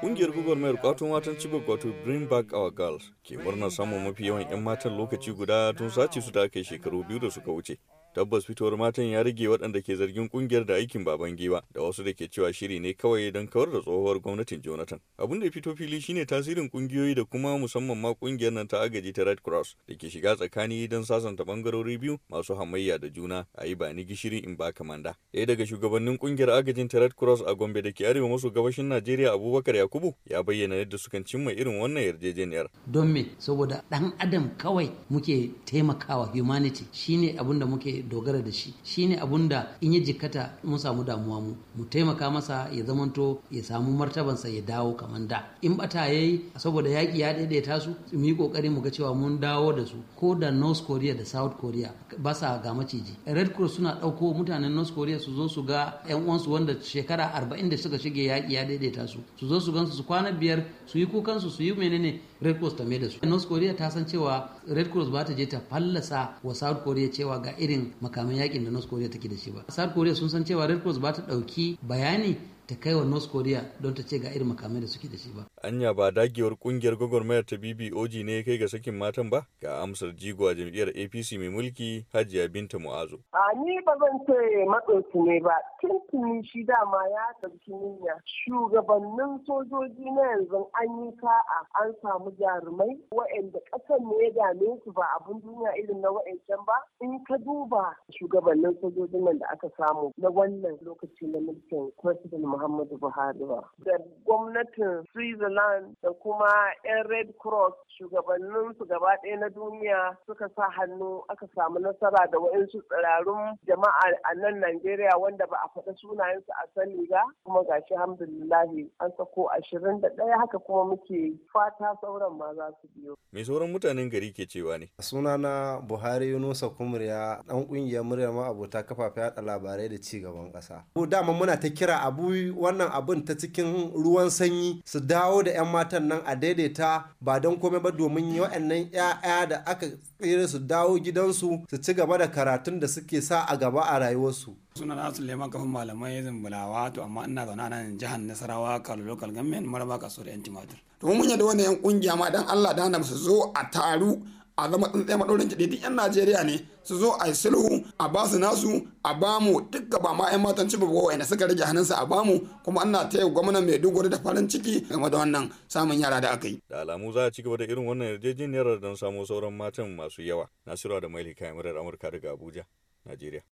Ƙungiyar gwagwarmayar kwato watan cibo wato Bring Back Our Girls ke murnar samun mafi yawan 'yan matan lokaci guda tun sace su da aka yi shekaru biyu da suka wuce. tabbas fitowar matan ya rage waɗanda ke zargin ƙungiyar da aikin baban giwa da wasu da ke cewa shiri ne kawai don kawar da tsohuwar gwamnatin jonathan abin da fito fili shine tasirin kungiyoyi da kuma musamman ma kungiyar nan ta agaji ta red cross da ke shiga tsakani don sasanta bangarori biyu masu hamayya da juna a yi bani gishiri in ba kamanda ɗaya daga shugabannin kungiyar agajin ta red cross a gombe da ke arewa maso gabashin najeriya abubakar yakubu ya bayyana yadda sukan cimma irin wannan yarjejeniyar don me saboda dan adam kawai muke taimakawa humanity shine abin muke dogara da shi shine abun da in ya jikkata mun samu damuwa mu mu taimaka masa ya zamanto ya samu martabansa ya dawo kamar da in bata yayi saboda yaki ya daidaita su mu yi kokari mu ga cewa mun dawo da su ko da North Korea da South Korea ba sa ga maciji Red Cross suna ɗauko mutanen North Korea su zo su ga yan uwansu wanda shekara arba'in da suka shige yaki ya daidaita su su zo su gansu su kwana biyar su yi kukansu su yi menene Red Cross ta da su North Korea ta san cewa Red Cross ba ta je ta fallasa wa South Korea cewa ga irin makamin yakin da North Korea take da shi ba South Korea sun san cewa Red Cross ba ta dauki bayani ta kai wa North Korea don ta ce ga irin makamai da suke da shi ba. Anya ba dagewar kungiyar gwagwarmayar ta BBOG ne ya kai ga sakin matan ba? Ga amsar jigo a jam'iyyar APC mai mulki Hajiya Binta Mu'azu. A ni ba zan ce matsinsu ne ba. Tuntuni shi dama ya ɗauki niyya. Shugabannin sojoji na yanzu an yi ka'a an samu jarumai Wa'anda ƙasar ne ya dame su ba abun duniya irin na waɗancan ba. In ka duba shugabannin sojojin nan da aka samu na wannan lokaci na mulkin President Muhammadu Buhari ba. Da gwamnatin Switzerland da kuma 'yan Red Cross shugabanninsu gaba ɗaya na duniya suka sa hannu aka samu nasara da waɗansu tsirarun jama'a a nan Najeriya wanda ba a faɗa sunayensu a sani ba kuma gashi alhamdulillahi an sako ashirin da ɗaya haka kuma muke fata sauran ma za su biyo. Me sauran mutanen gari ke cewa ne. Sunana Buhari Yunusa Kumriya ɗan ƙungiyar muryar ma'abota kafafen yaɗa labarai da ci gaban ƙasa. Ko Dama muna ta kira abu wannan abin ta cikin ruwan sanyi su dawo da 'yan matan nan a daidaita ba don komai ba domin wa'annan 'ya'ya da aka tsere su dawo gidansu su ci gaba da karatun da suke sa a gaba a rayuwarsu. suna na ma kafin malamai zimbalawa to amma ina zaune nan jihar nasarawa lokal local government maraba kaso da yan timatir. to mun yadda wani yan kungiya ma dan allah da su zo a taru a zama tsuntsaye maɗaurin kiɗi 'yan najeriya ne su zo a yi sulhu a ba su nasu a ba mu gaba ba ma 'yan matan ci ba wa'ina suka rage hannunsa a ba mu kuma ana taya gwamnan mai dogon da farin ciki game da wannan samun yara da aka yi da alamu za a ci gaba da irin wannan yarjejeniyar don samo sauran matan masu yawa nasiru da maili kayan murar amurka daga abuja najeriya